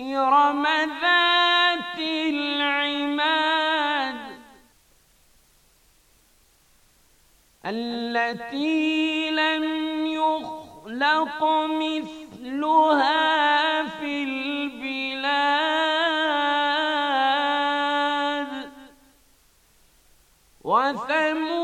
إرم ذات العماد التي لم يخلق مثلها في البلاد وثمود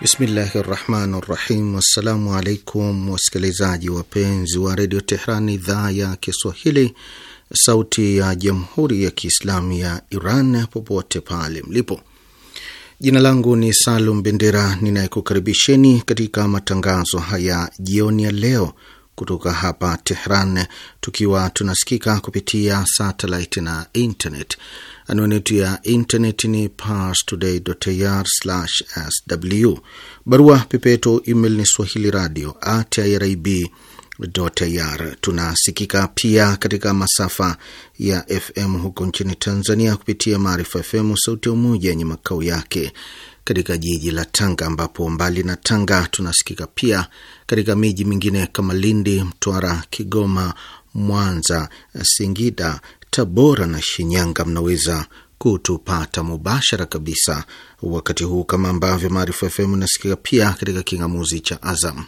Bismillahi rahmani rahim. Wassalamu alaikum wasikilizaji wapenzi wa redio Tehran, idhaa ya Kiswahili, sauti ya jamhuri ya kiislamu ya Iran, popote pale mlipo. Jina langu ni Salum Bendera ninayekukaribisheni katika matangazo haya jioni ya leo kutoka hapa Tehran, tukiwa tunasikika kupitia satellite na internet. Anwani yetu ya internet ni parstoday.ir/sw. Barua pepeto email ni swahili radio at irib ir. Tunasikika pia katika masafa ya FM huko nchini Tanzania kupitia Maarifa FM Sauti ya Umoja yenye makao yake katika jiji la Tanga, ambapo mbali na Tanga tunasikika pia katika miji mingine kama Lindi, Mtwara, Kigoma, Mwanza, Singida, Tabora na Shinyanga. Mnaweza kutupata mubashara kabisa wakati huu, kama ambavyo Maarifa FM inasikika pia katika kingamuzi cha Azam.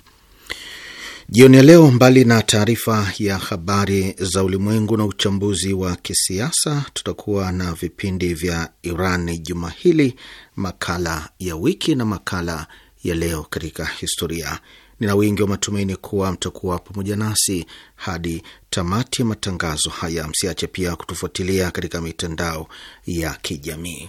Jioni ya leo, mbali na taarifa ya habari za ulimwengu na uchambuzi wa kisiasa, tutakuwa na vipindi vya Iran juma hili, makala ya wiki na makala ya leo katika historia. Nina wingi wa matumaini kuwa mtakuwa pamoja nasi hadi tamati ya matangazo haya. Msiache pia kutufuatilia katika mitandao ya kijamii.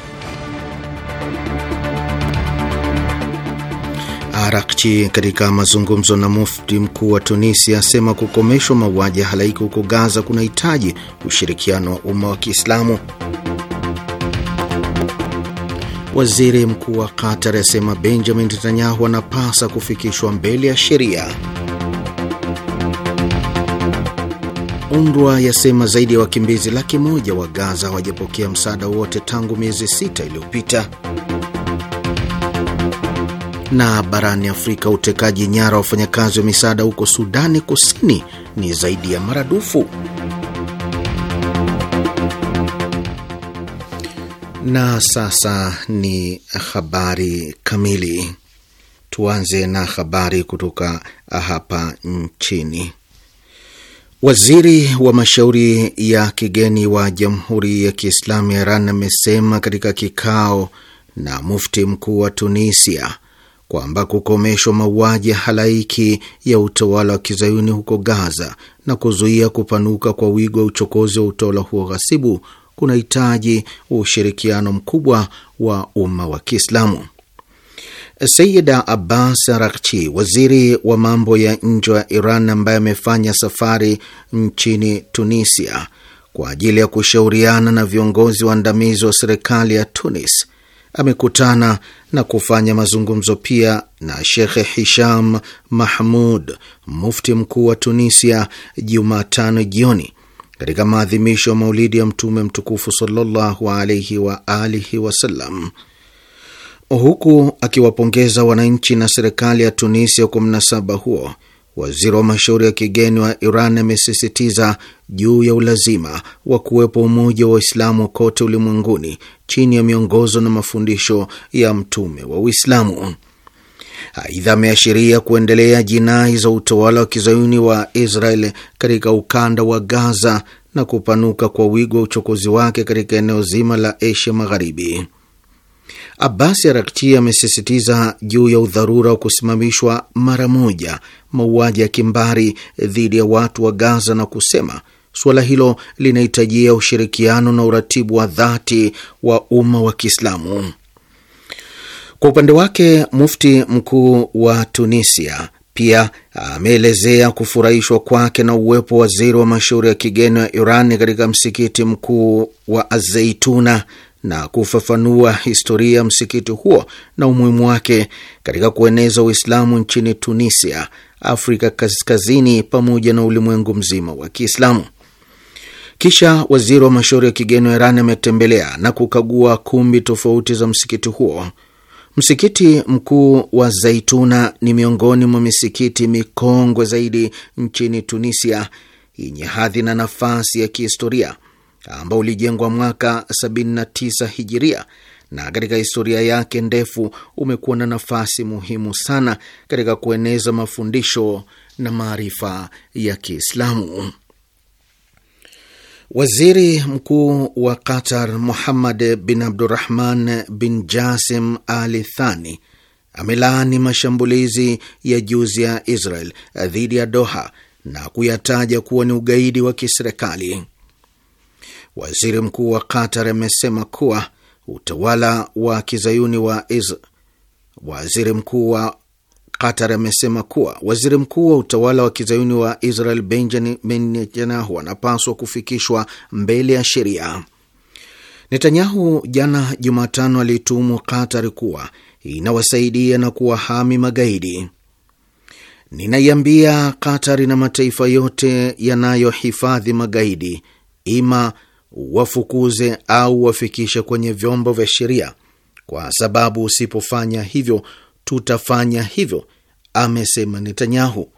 Arakchi katika mazungumzo na mufti mkuu wa Tunisia asema kukomeshwa mauaji ya halaiki huko Gaza kunahitaji ushirikiano wa umma wa Kiislamu. Waziri mkuu wa Qatar asema Benjamin Netanyahu anapasa kufikishwa mbele ya sheria. UNRWA yasema zaidi ya wakimbizi laki moja wa Gaza hawajapokea msaada wote tangu miezi sita iliyopita. Na barani Afrika, utekaji nyara wa wafanyakazi wa misaada huko Sudani Kusini ni zaidi ya maradufu. Na sasa ni habari kamili. Tuanze na habari kutoka hapa nchini. Waziri wa mashauri ya kigeni wa Jamhuri ya Kiislamu ya Iran amesema katika kikao na mufti mkuu wa Tunisia kwamba kukomeshwa mauaji ya halaiki ya utawala wa kizayuni huko Gaza na kuzuia kupanuka kwa wigo wa uchokozi wa utawala huo ghasibu kunahitaji ushirikiano mkubwa wa umma wa Kiislamu. Sayida Abbas Arakchi, waziri wa mambo ya nje wa Iran ambaye amefanya safari nchini Tunisia kwa ajili ya kushauriana na viongozi waandamizi wa serikali ya Tunis, amekutana na kufanya mazungumzo pia na Shekhe Hisham Mahmud, mufti mkuu wa Tunisia, Jumatano jioni katika maadhimisho ya maulidi ya Mtume mtukufu sallallahu alaihi wa alihi wasallam, huku akiwapongeza wananchi na serikali ya Tunisia kwa mnasaba huo. Waziri wa mashauri ya kigeni wa Iran amesisitiza juu ya ulazima wa kuwepo umoja wa Waislamu kote ulimwenguni chini ya miongozo na mafundisho ya Mtume wa Uislamu. Aidha, ameashiria kuendelea jinai za utawala wa kizayuni wa Israel katika ukanda wa Gaza na kupanuka kwa wigo wa uchokozi wake katika eneo zima la Asia Magharibi abasi Arakti amesisitiza juu ya udharura wa kusimamishwa mara moja mauaji ya kimbari dhidi ya watu wa Gaza na kusema suala hilo linahitajia ushirikiano na uratibu wa dhati wa umma wa Kiislamu. Kwa upande wake, mufti mkuu wa Tunisia pia ameelezea kufurahishwa kwake na uwepo wa waziri wa mashauri ya kigeni wa Iran katika msikiti mkuu wa Azeituna na kufafanua historia ya msikiti huo na umuhimu wake katika kueneza Uislamu nchini Tunisia, Afrika Kaskazini pamoja na ulimwengu mzima wa Kiislamu. Kisha waziri wa mashauri ya kigeni wa Iran ametembelea na kukagua kumbi tofauti za msikiti huo. Msikiti mkuu wa Zaituna ni miongoni mwa misikiti mikongwe zaidi nchini Tunisia, yenye hadhi na nafasi ya kihistoria ambao ulijengwa mwaka 79 hijiria na katika historia yake ndefu umekuwa na nafasi muhimu sana katika kueneza mafundisho na maarifa ya Kiislamu. Waziri mkuu wa Qatar Muhammad bin Abdurahman bin Jasim ali Thani amelaani mashambulizi ya juzi ya Israel dhidi ya Doha na kuyataja kuwa ni ugaidi wa kiserikali. Waziri mkuu wa Qatar amesema kuwa utawala wa kizayuni wa iz... Waziri mkuu wa Qatar amesema kuwa waziri mkuu wa utawala wa kizayuni wa Israel Benjamin Netanyahu anapaswa kufikishwa mbele ya sheria. Netanyahu jana Jumatano alituhumu Qatar kuwa inawasaidia na kuwahami magaidi. Ninaiambia Qatar na mataifa yote yanayohifadhi magaidi, ima wafukuze au wafikishe kwenye vyombo vya sheria, kwa sababu usipofanya hivyo tutafanya hivyo, amesema Netanyahu.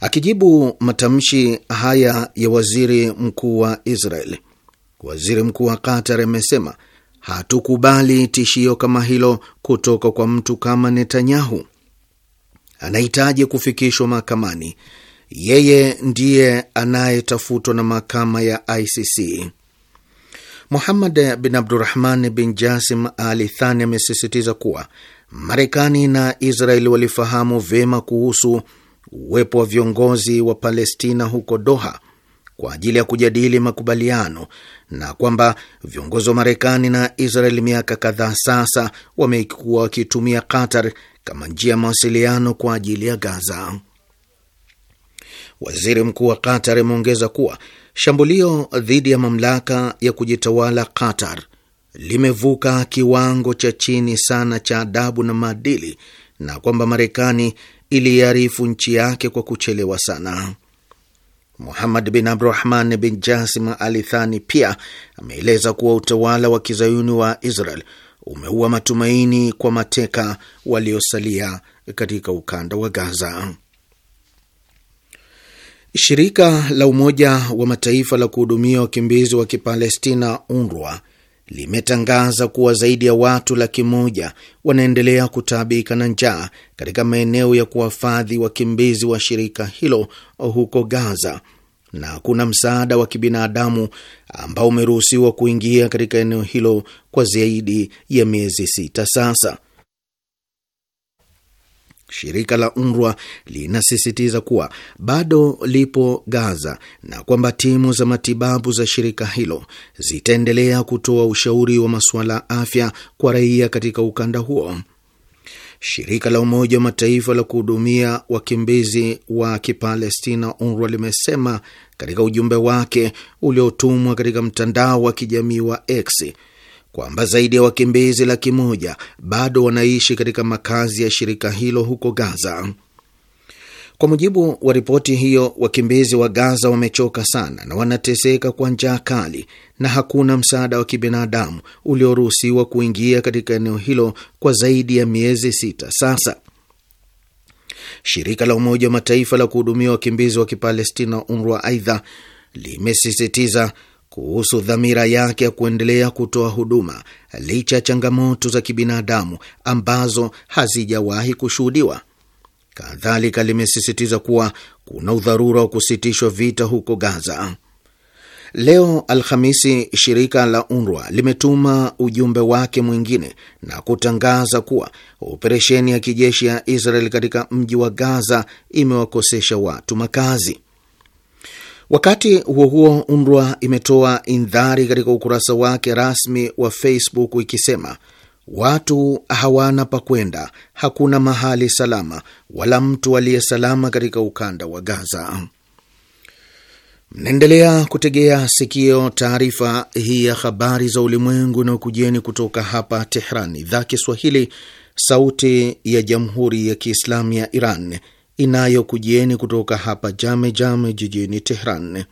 Akijibu matamshi haya ya waziri mkuu wa Israel, waziri mkuu wa Qatar amesema hatukubali tishio kama hilo kutoka kwa mtu kama Netanyahu. Anahitaji kufikishwa mahakamani yeye ndiye anayetafutwa na mahakama ya ICC. Muhammad bin Abdurahman bin Jasim Ali Thani amesisitiza kuwa Marekani na Israeli walifahamu vyema kuhusu uwepo wa viongozi wa Palestina huko Doha kwa ajili ya kujadili makubaliano na kwamba viongozi wa Marekani na Israeli miaka kadhaa sasa wamekuwa wakitumia Qatar kama njia ya mawasiliano kwa ajili ya Gaza. Waziri mkuu wa Qatar ameongeza kuwa shambulio dhidi ya mamlaka ya kujitawala Qatar limevuka kiwango cha chini sana cha adabu na maadili na kwamba Marekani iliarifu nchi yake kwa kuchelewa sana. Muhamad bin Abdurahman bin Jasim Al Thani pia ameeleza kuwa utawala wa kizayuni wa Israel umeua matumaini kwa mateka waliosalia katika ukanda wa Gaza. Shirika la Umoja wa Mataifa la kuhudumia wakimbizi wa Kipalestina, UNRWA, limetangaza kuwa zaidi ya watu laki moja wanaendelea kutaabika na njaa katika maeneo ya kuwafadhi wakimbizi wa shirika hilo huko Gaza, na kuna msaada wa kibinadamu ambao umeruhusiwa kuingia katika eneo hilo kwa zaidi ya miezi sita sasa. Shirika la UNRWA linasisitiza kuwa bado lipo Gaza na kwamba timu za matibabu za shirika hilo zitaendelea kutoa ushauri wa masuala ya afya kwa raia katika ukanda huo. Shirika la Umoja wa Mataifa la kuhudumia wakimbizi wa Kipalestina, UNRWA, limesema katika ujumbe wake uliotumwa katika mtandao wa kijamii wa X kwamba zaidi ya wakimbizi laki moja bado wanaishi katika makazi ya shirika hilo huko Gaza. Kwa mujibu wa ripoti hiyo, wakimbizi wa Gaza wamechoka sana na wanateseka kwa njaa kali, na hakuna msaada wa kibinadamu ulioruhusiwa kuingia katika eneo hilo kwa zaidi ya miezi sita sasa. Shirika la Umoja wa Mataifa la kuhudumia wakimbizi wa Kipalestina, UNRWA, aidha limesisitiza kuhusu dhamira yake ya kuendelea kutoa huduma licha ya changamoto za kibinadamu ambazo hazijawahi kushuhudiwa. Kadhalika limesisitiza kuwa kuna udharura wa kusitishwa vita huko Gaza. Leo Alhamisi, shirika la UNRWA limetuma ujumbe wake mwingine na kutangaza kuwa operesheni ya kijeshi ya Israel katika mji wa Gaza imewakosesha watu makazi. Wakati huo huo, UNRWA imetoa indhari katika ukurasa wake rasmi wa Facebook ikisema watu hawana pa kwenda, hakuna mahali salama wala mtu aliye salama katika ukanda wa Gaza. Mnaendelea kutegea sikio taarifa hii ya habari za ulimwengu na ukujeni kutoka hapa Tehran, idhaa Kiswahili, sauti ya jamhuri ya kiislamu ya Iran inayokujieni kutoka hapa Jame jijini Tehran.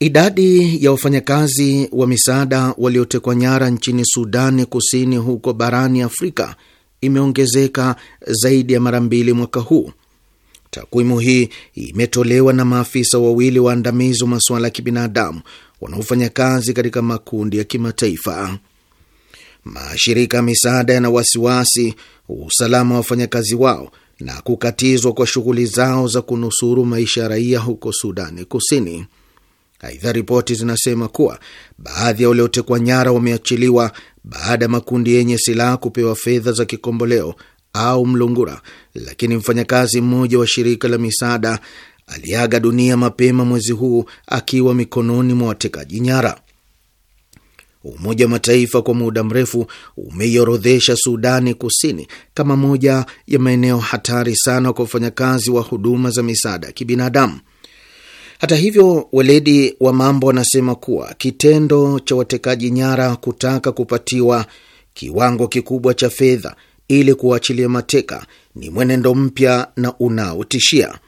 Idadi ya wafanyakazi wa misaada waliotekwa nyara nchini Sudani Kusini huko barani Afrika imeongezeka zaidi ya mara mbili mwaka huu. Takwimu hii imetolewa na maafisa wawili waandamizi wa masuala ya kibinadamu wanaofanya kazi katika makundi ya kimataifa. Mashirika ya misaada yana wasiwasi usalama wa wafanyakazi wao na kukatizwa kwa shughuli zao za kunusuru maisha ya raia huko Sudani Kusini. Aidha, ripoti zinasema kuwa baadhi ya waliotekwa nyara wameachiliwa baada ya makundi yenye silaha kupewa fedha za kikomboleo au mlungura, lakini mfanyakazi mmoja wa shirika la misaada aliaga dunia mapema mwezi huu akiwa mikononi mwa watekaji nyara. Umoja wa Mataifa kwa muda mrefu umeiorodhesha Sudani Kusini kama moja ya maeneo hatari sana kwa wafanyakazi wa huduma za misaada ya kibinadamu. Hata hivyo, weledi wa mambo wanasema kuwa kitendo cha watekaji nyara kutaka kupatiwa kiwango kikubwa cha fedha ili kuachilia mateka ni mwenendo mpya na unaotishia.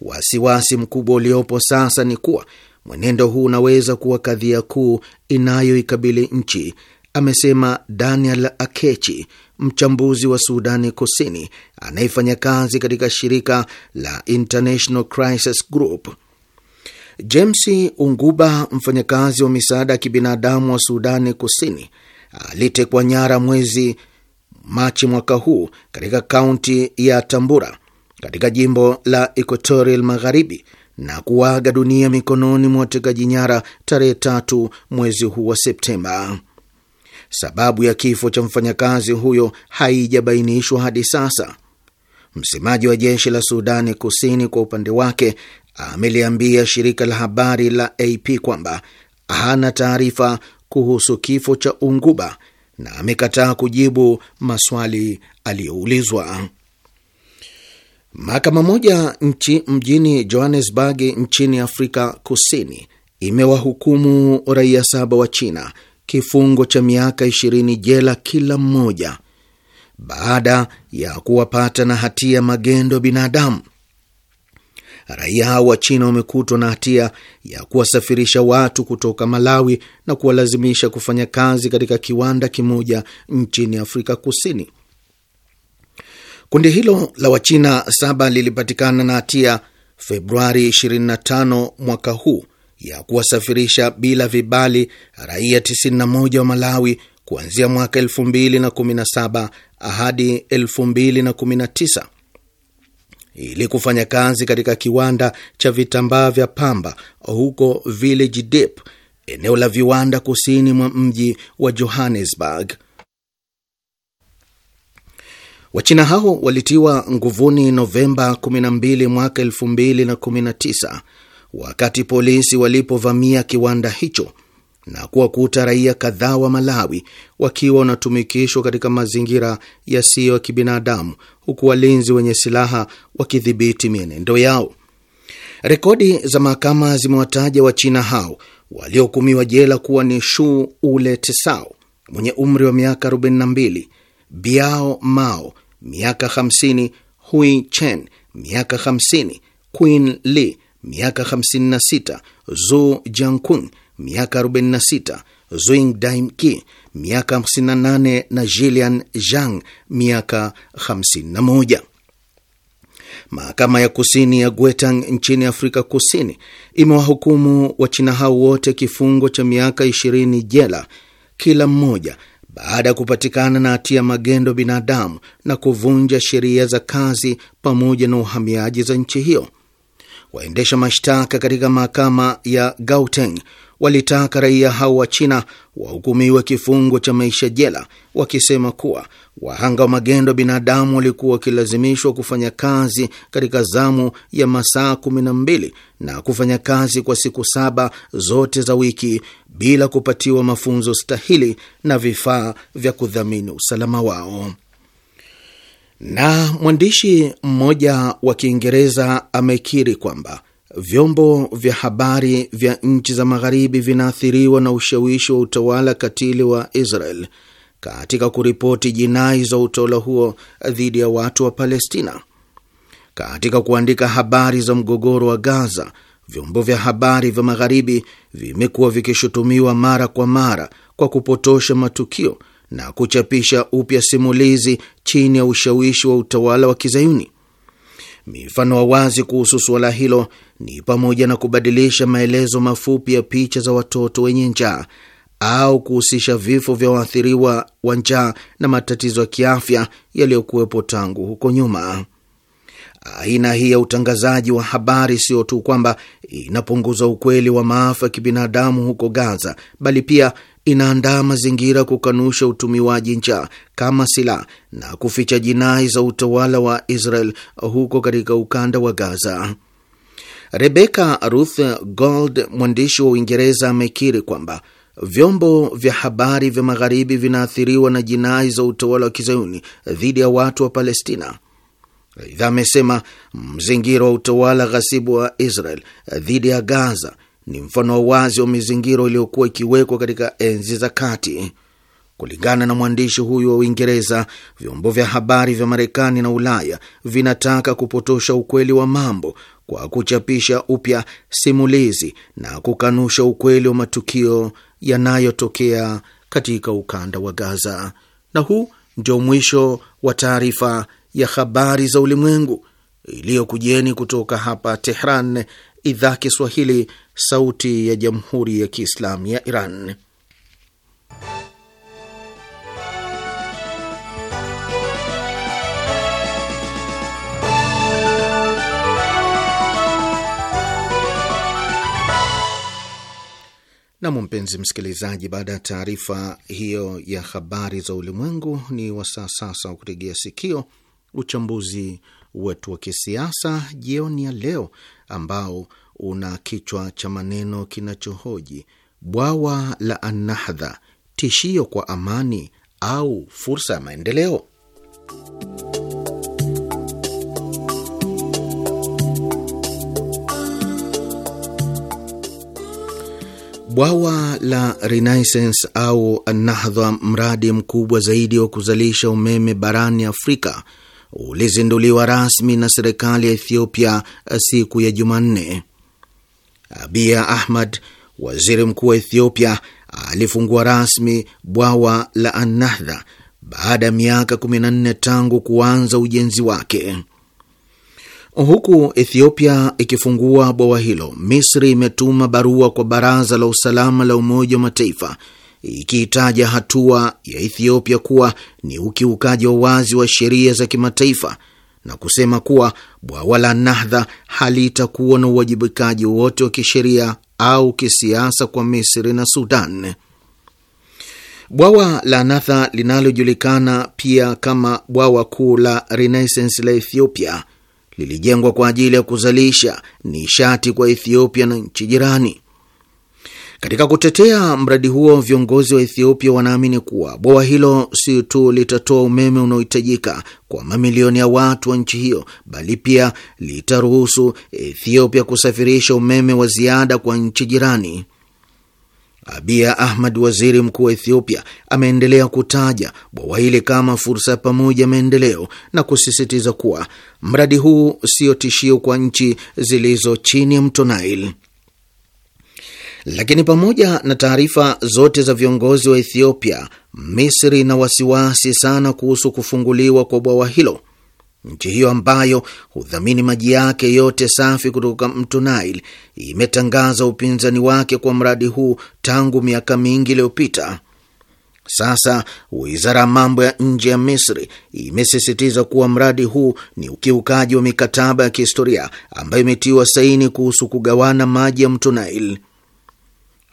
Wasiwasi mkubwa uliopo sasa ni kuwa Mwenendo huu unaweza kuwa kadhia kuu inayoikabili nchi, amesema Daniel Akechi, mchambuzi wa Sudani Kusini anayefanya kazi katika shirika la International Crisis Group. James Unguba, mfanyakazi wa misaada ya kibinadamu wa Sudani Kusini, alitekwa nyara mwezi Machi mwaka huu katika kaunti ya Tambura katika jimbo la Equatorial Magharibi na kuwaga dunia mikononi mwa watekaji nyara tarehe tatu mwezi huu wa Septemba. Sababu ya kifo cha mfanyakazi huyo haijabainishwa hadi sasa. Msemaji wa jeshi la Sudani Kusini kwa upande wake ameliambia shirika la habari la AP kwamba hana taarifa kuhusu kifo cha Unguba na amekataa kujibu maswali aliyoulizwa. Mahakama moja nchi mjini Johannesburg nchini Afrika Kusini imewahukumu raia saba wa China kifungo cha miaka 20 jela kila mmoja baada ya kuwapata na hatia magendo ya binadamu. Raia hao wa China wamekutwa na hatia ya kuwasafirisha watu kutoka Malawi na kuwalazimisha kufanya kazi katika kiwanda kimoja nchini Afrika Kusini. Kundi hilo la Wachina saba lilipatikana na hatia Februari 25 mwaka huu ya kuwasafirisha bila vibali raia 91 wa Malawi kuanzia mwaka 2017 hadi 2019 ili kufanya kazi katika kiwanda cha vitambaa vya pamba huko Village Deep, eneo la viwanda kusini mwa mji wa Johannesburg. Wachina hao walitiwa nguvuni Novemba 12 mwaka 2019 wakati polisi walipovamia kiwanda hicho na kuwakuta raia kadhaa wa Malawi wakiwa wanatumikishwa katika mazingira yasiyo ya kibinadamu, huku walinzi wenye silaha wakidhibiti mienendo yao. Rekodi za mahakama zimewataja Wachina hao waliohukumiwa jela kuwa ni Shu Ule Tesao mwenye umri wa miaka 42, Biao Mao miaka 50, Hui Chen miaka 50, Queen Li miaka 56, Zu Jiankun miaka 46, zuing Daimki miaka 58 na Jilian Zhang miaka 51. Mahakama ya kusini ya Guetang nchini Afrika Kusini imewahukumu Wachina hao wote kifungo cha miaka 20 jela kila mmoja baada ya kupatikana na hatia magendo binadamu na kuvunja sheria za kazi pamoja na uhamiaji za nchi hiyo. Waendesha mashtaka katika mahakama ya Gauteng walitaka raia hao wa China wahukumiwe kifungo cha maisha jela, wakisema kuwa wahanga wa magendo binadamu walikuwa wakilazimishwa kufanya kazi katika zamu ya masaa 12 mbili na kufanya kazi kwa siku saba zote za wiki bila kupatiwa mafunzo stahili na vifaa vya kudhamini usalama wao. Na mwandishi mmoja wa Kiingereza amekiri kwamba vyombo vya habari vya nchi za Magharibi vinaathiriwa na ushawishi wa utawala katili wa Israel katika kuripoti jinai za utawala huo dhidi ya watu wa Palestina. Katika kuandika habari za mgogoro wa Gaza, vyombo vya habari vya Magharibi vimekuwa vikishutumiwa mara kwa mara kwa kupotosha matukio na kuchapisha upya simulizi chini ya ushawishi wa utawala wa Kizayuni. Mifano wa wazi kuhusu suala hilo ni pamoja na kubadilisha maelezo mafupi ya picha za watoto wenye njaa au kuhusisha vifo vya waathiriwa wa njaa na matatizo ya kiafya yaliyokuwepo tangu huko nyuma. Aina hii ya utangazaji wa habari sio tu kwamba inapunguza ukweli wa maafa ya kibinadamu huko Gaza, bali pia inaandaa mazingira kukanusha utumiwaji njaa kama silaha na kuficha jinai za utawala wa Israel huko katika ukanda wa Gaza. Rebecca Ruth Gold, mwandishi wa Uingereza, amekiri kwamba vyombo vya habari vya Magharibi vinaathiriwa na jinai za utawala wa kizayuni dhidi ya watu wa Palestina. Aidha amesema mzingiro wa utawala ghasibu wa Israel dhidi ya Gaza ni mfano wa wazi wa mizingiro iliyokuwa ikiwekwa katika enzi za kati. Kulingana na mwandishi huyu wa Uingereza, vyombo vya habari vya Marekani na Ulaya vinataka kupotosha ukweli wa mambo kwa kuchapisha upya simulizi na kukanusha ukweli wa matukio yanayotokea katika ukanda wa Gaza. Na huu ndio mwisho wa taarifa ya habari za ulimwengu iliyokujieni kutoka hapa Tehran, idhaa Kiswahili, sauti ya jamhuri ya kiislamu ya Iran. Nam, mpenzi msikilizaji, baada ya taarifa hiyo ya habari za ulimwengu, ni wasaa sasa wa kutegea sikio uchambuzi wetu wa kisiasa jioni ya leo ambao una kichwa cha maneno kinachohoji bwawa la Annahdha, tishio kwa amani au fursa ya maendeleo? Bwawa la Renaissance au Annahdha, mradi mkubwa zaidi wa kuzalisha umeme barani Afrika ulizinduliwa rasmi na serikali ya Ethiopia eh, siku ya Jumanne. Abia ahmad waziri mkuu wa Ethiopia, alifungua rasmi bwawa la Anahdha baada ya miaka 14 tangu kuanza ujenzi wake. Huku Ethiopia ikifungua bwawa hilo, Misri imetuma barua kwa Baraza la Usalama la Umoja wa Mataifa ikiitaja hatua ya Ethiopia kuwa ni ukiukaji wa wazi wa sheria za kimataifa na kusema kuwa bwawa la Nahdha halitakuwa na uwajibikaji wote wa kisheria au kisiasa kwa Misri na Sudan. Bwawa la Nahdha linalojulikana pia kama bwawa kuu la Renaissance la Ethiopia lilijengwa kwa ajili ya kuzalisha nishati kwa Ethiopia na nchi jirani. Katika kutetea mradi huo, viongozi wa Ethiopia wanaamini kuwa bwawa hilo si tu litatoa umeme unaohitajika kwa mamilioni ya watu wa nchi hiyo, bali pia litaruhusu Ethiopia kusafirisha umeme wa ziada kwa nchi jirani. abia ahmad waziri mkuu wa Ethiopia, ameendelea kutaja bwawa hili kama fursa ya pamoja maendeleo na kusisitiza kuwa mradi huu sio tishio kwa nchi zilizo chini ya mto Nile. Lakini pamoja na taarifa zote za viongozi wa Ethiopia, Misri ina wasiwasi sana kuhusu kufunguliwa kwa bwawa hilo. Nchi hiyo ambayo hudhamini maji yake yote safi kutoka mto Nile imetangaza upinzani wake kwa mradi huu tangu miaka mingi iliyopita. Sasa wizara ya mambo ya nje ya Misri imesisitiza kuwa mradi huu ni ukiukaji wa mikataba ya kihistoria ambayo imetiwa saini kuhusu kugawana maji ya mto Nile.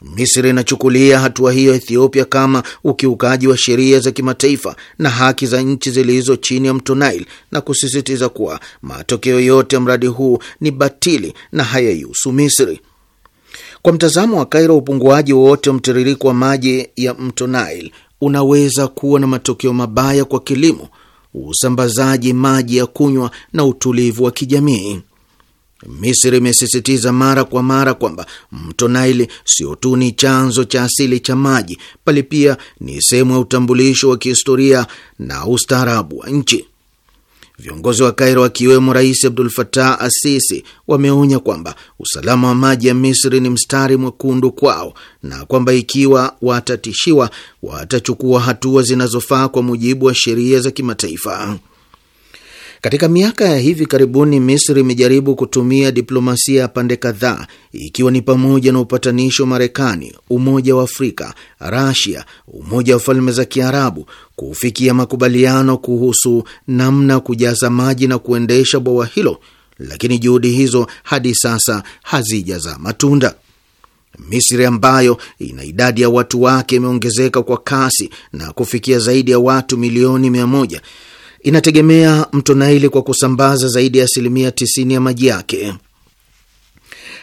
Misri inachukulia hatua hiyo Ethiopia kama ukiukaji wa sheria za kimataifa na haki za nchi zilizo chini ya mto Nile na kusisitiza kuwa matokeo yote ya mradi huu ni batili na hayaihusu Misri. Kwa mtazamo wa Kairo, upunguaji wowote wa mtiririko wa maji ya mto Nile unaweza kuwa na matokeo mabaya kwa kilimo, usambazaji maji ya kunywa na utulivu wa kijamii. Misri imesisitiza mara kwa mara kwamba mto Naili sio tu ni chanzo cha asili cha maji, bali pia ni sehemu ya utambulisho wa kihistoria na ustaarabu wa nchi. Viongozi wa Kairo akiwemo Rais Abdul Fatah Asisi wameonya kwamba usalama wa maji ya Misri ni mstari mwekundu kwao na kwamba ikiwa watatishiwa watachukua hatua zinazofaa kwa mujibu wa sheria za kimataifa. Katika miaka ya hivi karibuni, Misri imejaribu kutumia diplomasia ya pande kadhaa, ikiwa ni pamoja na upatanishi wa Marekani, Umoja wa Afrika, Rasia, Umoja wa Falme za Kiarabu kufikia makubaliano kuhusu namna kujaza maji na kuendesha bwawa hilo, lakini juhudi hizo hadi sasa hazijazaa matunda. Misri ambayo ina idadi ya watu wake imeongezeka kwa kasi na kufikia zaidi ya watu milioni mia moja inategemea mto Naili kwa kusambaza zaidi ya asilimia 90 ya maji yake.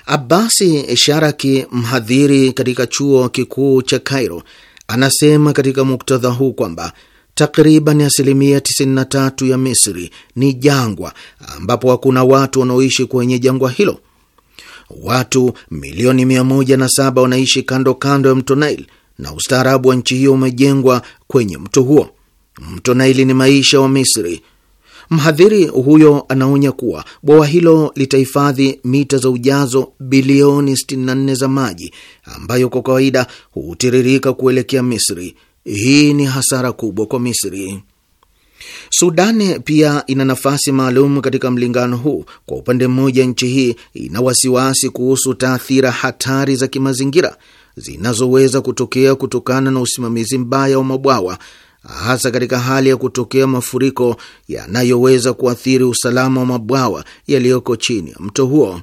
abasi Sharaki, mhadhiri katika chuo kikuu cha Cairo, anasema katika muktadha huu kwamba takriban asilimia 93 ya Misri ni jangwa, ambapo hakuna watu wanaoishi kwenye jangwa hilo. Watu milioni 107 wanaishi kando kando ya mto Nile na ustaarabu wa nchi hiyo umejengwa kwenye mto huo. Mto Naili ni maisha wa Misri. Mhadhiri huyo anaonya kuwa bwawa hilo litahifadhi mita za ujazo bilioni 64 za maji ambayo kwa kawaida hutiririka kuelekea Misri. Hii ni hasara kubwa kwa Misri. Sudani pia ina nafasi maalum katika mlingano huu. Kwa upande mmoja, nchi hii ina wasiwasi kuhusu taathira hatari za kimazingira zinazoweza kutokea kutokana na usimamizi mbaya wa mabwawa hasa katika hali ya kutokea mafuriko yanayoweza kuathiri usalama wa mabwawa yaliyoko chini ya mto huo.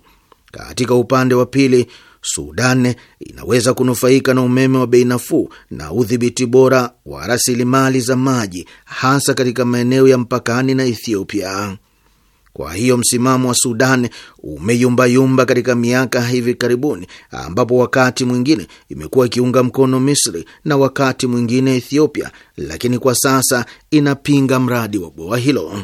Katika upande wa pili, Sudan inaweza kunufaika na umeme wa bei nafuu na udhibiti bora wa rasilimali za maji, hasa katika maeneo ya mpakani na Ethiopia. Kwa hiyo msimamo wa Sudan umeyumbayumba katika miaka hivi karibuni, ambapo wakati mwingine imekuwa ikiunga mkono Misri na wakati mwingine Ethiopia, lakini kwa sasa inapinga mradi wa bwawa hilo.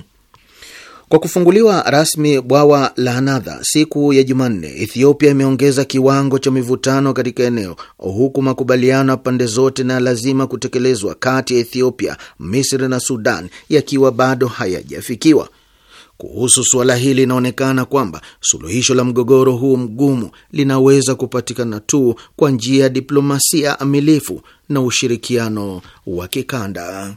Kwa kufunguliwa rasmi bwawa la Anadha siku ya Jumanne, Ethiopia imeongeza kiwango cha mivutano katika eneo, huku makubaliano ya pande zote na lazima kutekelezwa kati ya Ethiopia, Misri na Sudan yakiwa bado hayajafikiwa. Kuhusu suala hili, inaonekana kwamba suluhisho la mgogoro huu mgumu linaweza kupatikana tu kwa njia ya diplomasia amilifu na ushirikiano wa kikanda.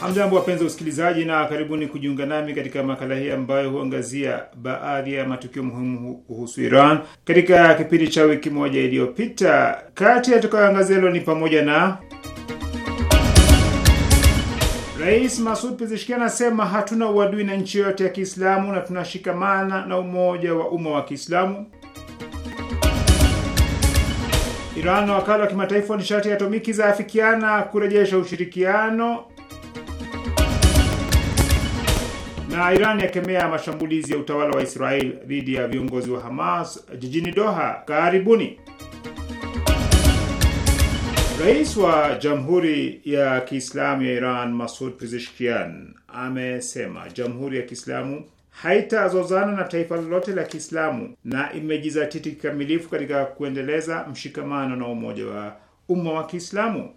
Hamjambo, wapenzi usikilizaji, na karibuni kujiunga nami katika makala hii ambayo huangazia baadhi ya matukio muhimu kuhusu Iran katika kipindi cha wiki moja iliyopita. Kati ya tutakayoangazia leo ni pamoja na Rais Masud Pezeshkian anasema hatuna uadui na nchi yoyote ya Kiislamu na tunashikamana na umoja wa umma wa Kiislamu. Iran na wakala wa kimataifa wa nishati ya atomiki zaafikiana kurejesha ushirikiano. na Iran yakemea mashambulizi ya utawala wa Israel dhidi ya viongozi wa Hamas jijini Doha karibuni. Rais wa Jamhuri ya Kiislamu ya Iran Masud Pezeshkian amesema Jamhuri ya Kiislamu haitazozana na taifa lolote la Kiislamu na imejizatiti kikamilifu katika kuendeleza mshikamano na umoja wa umma wa Kiislamu.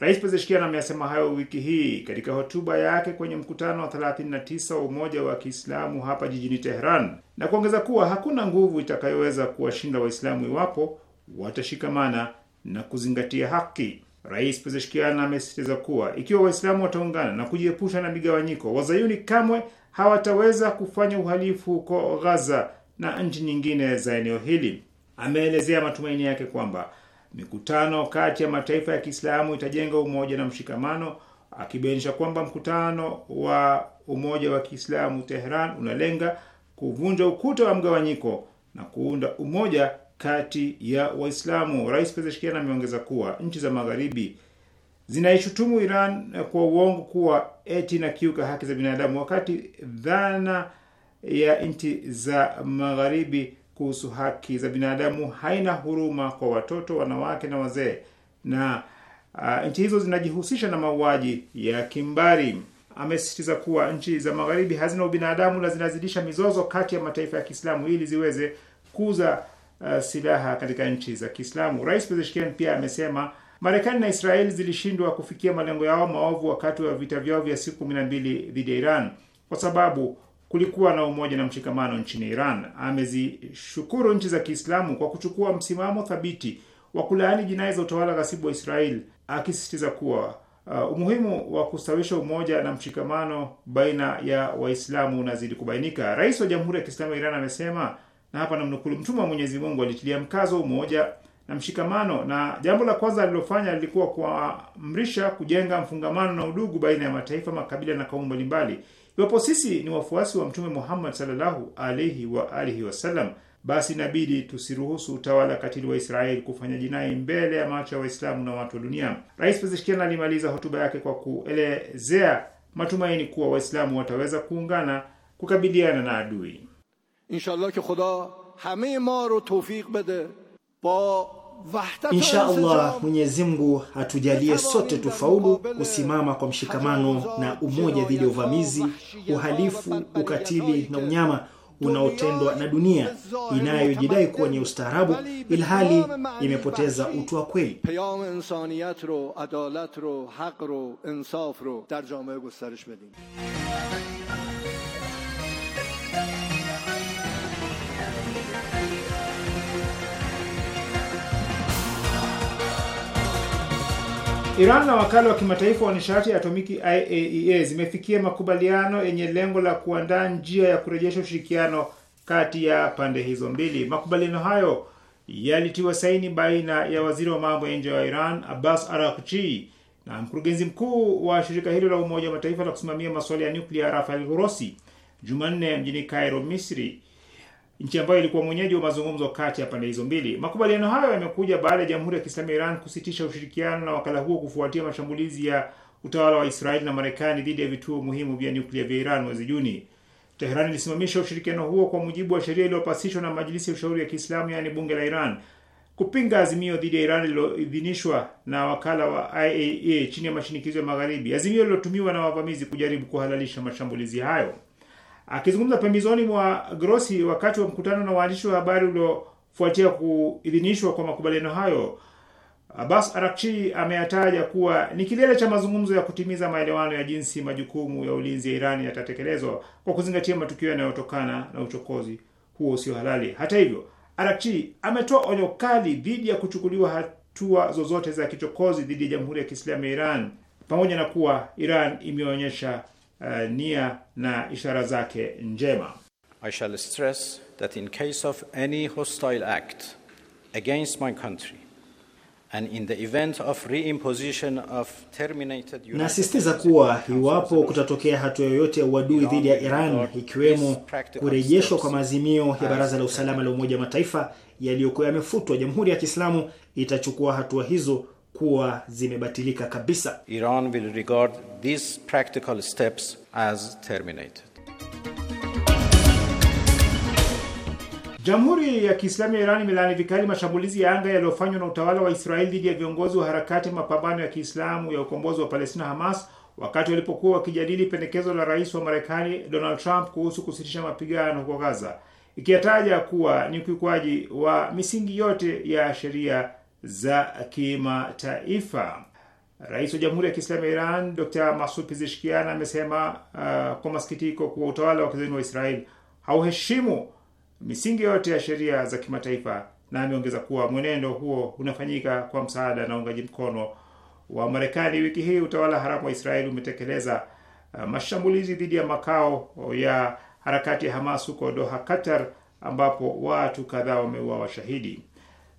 Rais Pezeshkian ameyasema hayo wiki hii katika hotuba yake kwenye mkutano wa 39 wa Umoja wa Kiislamu hapa jijini Teheran na kuongeza kuwa hakuna nguvu itakayoweza kuwashinda Waislamu iwapo watashikamana na kuzingatia haki. Rais Pezeshkian amesisitiza kuwa ikiwa Waislamu wataungana na kujiepusha na migawanyiko, wazayuni kamwe hawataweza kufanya uhalifu huko Ghaza na nchi nyingine za eneo hili. Ameelezea matumaini yake kwamba mikutano kati ya mataifa ya Kiislamu itajenga umoja na mshikamano, akibainisha kwamba mkutano wa umoja wa Kiislamu Tehran unalenga kuvunja ukuta wa mgawanyiko na kuunda umoja kati ya Waislamu. Rais Pezeshkian ameongeza kuwa nchi za magharibi zinaishutumu Iran kwa uongo kuwa eti na kiuka haki za binadamu, wakati dhana ya nchi za magharibi kuhusu haki za binadamu, haina huruma kwa watoto, wanawake na wazee, na uh, nchi hizo zinajihusisha na mauaji ya kimbari. Amesisitiza kuwa nchi za magharibi hazina ubinadamu na zinazidisha mizozo kati ya mataifa ya Kiislamu ili ziweze kuuza uh, silaha katika nchi za Kiislamu. Rais Pezeshkian pia amesema Marekani na Israeli zilishindwa kufikia malengo yao maovu wakati wa vita vyao vya siku kumi na mbili dhidi ya Iran kwa sababu kulikuwa na umoja na mshikamano nchini Iran. Amezishukuru nchi za Kiislamu kwa kuchukua msimamo thabiti wa kulaani jinai za utawala ghasibu wa Israel, akisisitiza kuwa uh, umuhimu wa kustawisha umoja na mshikamano baina ya Waislamu unazidi kubainika. Rais wa Jamhuri ya Kiislamu ya Iran amesema, na hapa namnukulu, Mtume wa Mwenyezi Mungu alitilia mkazo umoja na mshikamano, na jambo la kwanza alilofanya lilikuwa kuamrisha kujenga mfungamano na udugu baina ya mataifa, makabila na kaumu mbalimbali. Iwapo sisi ni wafuasi wa Mtume Muhammad sallallahu alaihi wa alihi wasallam, basi inabidi tusiruhusu utawala katili wa Israeli kufanya jinai mbele ya macho ya Waislamu na watu wa dunia. Rais Pezeshkian alimaliza hotuba yake kwa kuelezea matumaini kuwa Waislamu wataweza kuungana kukabiliana na adui. Inshallah ki khuda hame ma ro tawfiq bade ba Insha Allah Mwenyezi Mungu atujalie sote tufaulu kusimama kwa mshikamano na umoja dhidi ya uvamizi, uhalifu, ukatili na unyama unaotendwa na dunia inayojidai kuwa ni ustaarabu ilhali imepoteza utu wa kweli. Iran na wakala wa kimataifa wa nishati ya atomiki IAEA e zimefikia makubaliano yenye lengo la kuandaa njia ya kurejesha ushirikiano kati ya pande hizo mbili. Makubaliano hayo yalitiwa saini baina ya waziri wa mambo ya nje wa Iran Abbas Araghchi na mkurugenzi mkuu wa shirika hilo la Umoja wa Mataifa la kusimamia masuala ya nuklia Rafael Grossi Jumanne mjini Cairo, Misri nchi ambayo ilikuwa mwenyeji wa mazungumzo kati ya pande hizo mbili. Makubaliano hayo yamekuja baada ya Jamhuri ya Kiislamu ya Iran kusitisha ushirikiano na wakala huo kufuatia mashambulizi ya utawala wa Israeli na Marekani dhidi ya vituo muhimu vya nyuklia vya Iran mwezi Juni. Tehran ilisimamisha ushirikiano huo kwa mujibu wa sheria iliyopasishwa na Majlisi ya Ushauri ya Kiislamu, yaani bunge la Iran, kupinga azimio dhidi ya Iran lililoidhinishwa na wakala wa IAEA e chini ya mashinikizo ya Magharibi, azimio lililotumiwa na wavamizi kujaribu kuhalalisha mashambulizi hayo. Akizungumza pembezoni mwa Grossi wakati wa mkutano na waandishi wa habari uliofuatia kuidhinishwa kwa makubaliano hayo, Abbas Arakchi ameyataja kuwa ni kilele cha mazungumzo ya kutimiza maelewano ya jinsi majukumu ya ulinzi ya Irani yatatekelezwa kwa kuzingatia matukio yanayotokana na uchokozi huo usio halali. Hata hivyo, Arakchi ametoa onyo kali dhidi ya kuchukuliwa hatua zozote za kichokozi dhidi ya Jamhuri ya Kiislamu ya Iran pamoja na kuwa Iran imeonyesha uh, nia na ishara zake njema. I shall stress that in case of any hostile act against my country and in the event of reimposition of terminated United... Nasisitiza kuwa iwapo kutatokea hatua yoyote ya uadui dhidi ya Iran ikiwemo kurejeshwa kwa maazimio ya Baraza la Usalama la Umoja wa Mataifa yaliyokuwa yamefutwa, Jamhuri ya Kiislamu itachukua hatua hizo kuwa zimebatilika kabisa. Iran will regard these practical steps as terminated. Jamhuri ya Kiislamu ya Iran imelaani vikali mashambulizi ya anga yaliyofanywa na utawala wa Israeli dhidi ya viongozi wa harakati mapambano ya Kiislamu ya ukombozi wa Palestina, Hamas, wakati walipokuwa wakijadili pendekezo la rais wa Marekani Donald Trump kuhusu kusitisha mapigano huko Gaza, ikiyataja kuwa ni ukiukwaji wa misingi yote ya sheria za kimataifa. Rais wa Jamhuri ya Kiislamu ya Iran Dr Masud Pezeshkian amesema uh, kwa masikitiko kuwa utawala wa kizayuni wa Israel hauheshimu misingi yote ya sheria za kimataifa, na ameongeza kuwa mwenendo huo unafanyika kwa msaada na uungaji mkono wa Marekani. Wiki hii utawala haramu wa Israel umetekeleza uh, mashambulizi dhidi ya makao ya harakati ya Hamas huko Doha, Qatar, ambapo watu kadhaa wameuawa washahidi.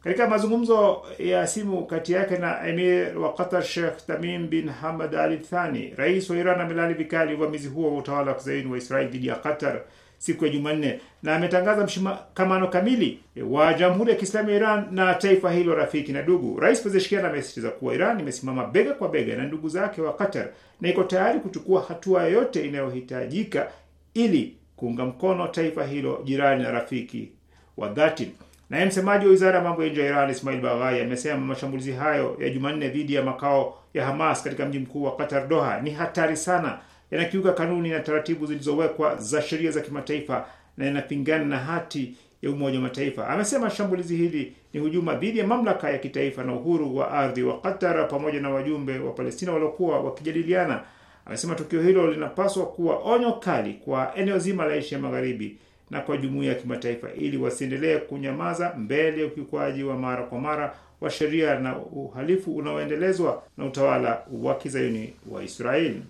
Katika mazungumzo ya simu kati yake na emir wa Qatar Sheikh Tamim bin Hamad Al Thani, rais wa Iran amelaani vikali uvamizi huo wa utawala wa kizayuni wa Israeli dhidi ya Qatar siku ya Jumanne na ametangaza mshikamano kamili wa Jamhuri ya Kiislamu ya Iran na taifa hilo rafiki na ndugu. Rais Pezeshkian amesisitiza kuwa Iran imesimama bega kwa bega na ndugu zake wa Qatar na iko tayari kuchukua hatua yoyote inayohitajika ili kuunga mkono taifa hilo jirani na rafiki wa dhati. Naye msemaji wa wizara ya mambo ya nje ya Iran Ismail Baghai amesema mashambulizi hayo ya Jumanne dhidi ya makao ya Hamas katika mji mkuu wa Qatar, Doha, ni hatari sana, yanakiuka kanuni na taratibu zilizowekwa za sheria za kimataifa na yanapingana na hati ya Umoja wa Mataifa. Amesema shambulizi hili ni hujuma dhidi ya mamlaka ya kitaifa na uhuru wa ardhi wa Qatar pamoja na wajumbe wa Palestina waliokuwa wakijadiliana. Amesema tukio hilo linapaswa kuwa onyo kali kwa eneo zima la Asia Magharibi na kwa jumuiya ya kimataifa ili wasiendelee kunyamaza mbele ya ukiukwaji wa mara kwa mara wa sheria na uhalifu unaoendelezwa na utawala wa kizayuni wa Israeli.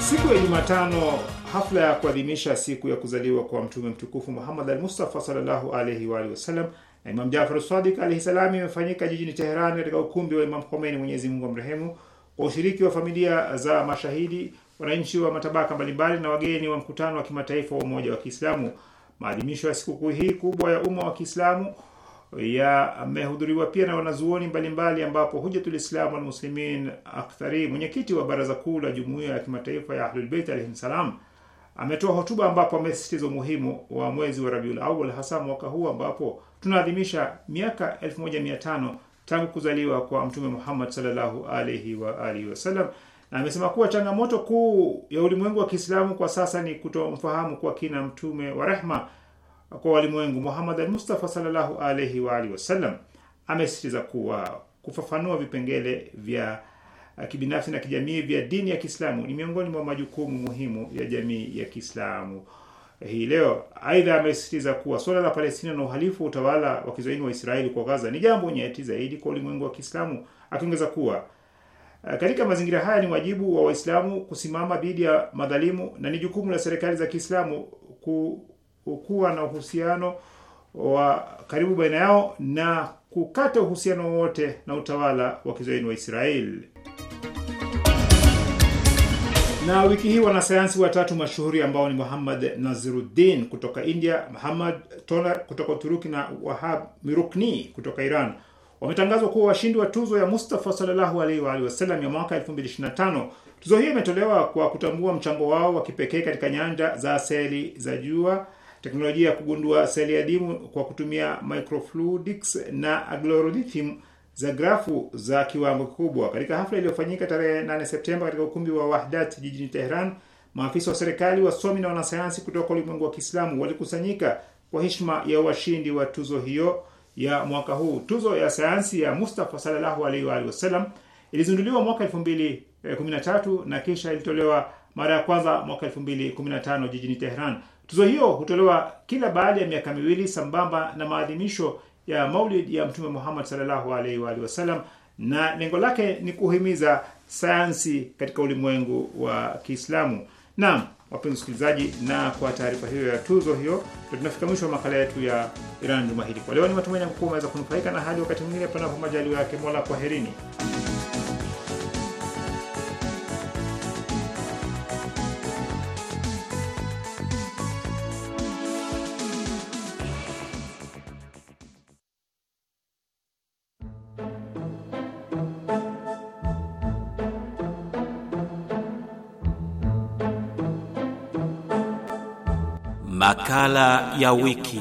Siku ya Jumatano, hafla ya kuadhimisha siku ya kuzaliwa kwa Mtume mtukufu Muhammad al Mustafa sallallahu alaihi wa alihi wasallam na eh. Imam Jafar Sadiq alaihi salam imefanyika jijini Teheran katika ukumbi wa Imam Khomeini, Mwenyezi Mungu amrehemu, kwa ushiriki wa familia za mashahidi, wananchi wa matabaka mbalimbali na wageni wa mkutano wa kimataifa wa umoja wa Kiislamu. Maadhimisho ya sikukuu hii kubwa ya umma wa Kiislamu yamehudhuriwa pia na wanazuoni mbalimbali, ambapo Hujatul Islam wal Muslimin Akthari, mwenyekiti wa baraza kuu la jumuiya ya kimataifa ya Ahlul Bait alaihim salam, ametoa hotuba ambapo amesisitiza umuhimu wa mwezi wa Rabiul Awwal hasa mwaka huu ambapo tunaadhimisha miaka 1500 tangu kuzaliwa kwa Mtume Muhammad sallallahu alaihi wa alihi wasallam, na amesema kuwa changamoto kuu ya ulimwengu wa Kiislamu kwa sasa ni kutomfahamu kwa kina mtume wa rehma kwa walimwengu Muhammad al-Mustafa sallallahu alaihi wa alihi wasallam. Amesisitiza kuwa kufafanua vipengele vya kibinafsi na kijamii vya dini ya Kiislamu ni miongoni mwa majukumu muhimu ya jamii ya Kiislamu hii leo. Aidha, amesisitiza kuwa suala la Palestina na uhalifu wa utawala wa kizoini wa Israeli kwa Gaza ni jambo nyeti zaidi kwa ulimwengu wa Kiislamu, akiongeza kuwa eh, katika mazingira haya ni wajibu wa Waislamu kusimama dhidi ya madhalimu na ni jukumu la serikali za Kiislamu kuwa na uhusiano wa karibu baina yao na kukata uhusiano wote na utawala wa kizaini wa Israeli. Na wiki hii wanasayansi watatu mashuhuri ambao ni Muhammad Naziruddin kutoka India, Muhammad Tola kutoka Uturuki na Wahab Mirukni kutoka Iran wametangazwa kuwa washindi wa tuzo ya Mustafa sallallahu alaihi wa alihi wasallam ya mwaka 2025. Tuzo hiyo imetolewa kwa kutambua mchango wao wa kipekee katika nyanja za seli za jua, teknolojia ya kugundua seli adimu kwa kutumia microfluidics na algorithm za grafu za kiwango kikubwa. Katika hafla iliyofanyika tarehe 8 Septemba katika ukumbi wa Wahdat jijini Tehran, maafisa wa serikali, wasomi na wanasayansi kutoka ulimwengu wa Kiislamu walikusanyika kwa heshima ya washindi wa tuzo hiyo ya mwaka huu. Tuzo ya sayansi ya Mustafa sallallahu alaihi wa alihi wasallam ilizinduliwa mwaka 2013 eh, na kisha ilitolewa mara ya kwanza mwaka 2015 jijini Tehran. Tuzo hiyo hutolewa kila baada ya miaka miwili sambamba na maadhimisho ya maulid ya Mtume Muhammad sallallahu alaihi wa alihi wasallam, na lengo lake ni kuhimiza sayansi katika ulimwengu wa Kiislamu. Naam, wapenzi wasikilizaji, na kwa taarifa hiyo ya tuzo hiyo ndio tunafika mwisho wa makala yetu ya Iran juma hili. Kwa leo, ni matumaini yangu kuwa umeweza kunufaika, na hadi wakati mwingine, panapo majaliwa yake Mola, kwaherini. Makala ya wiki.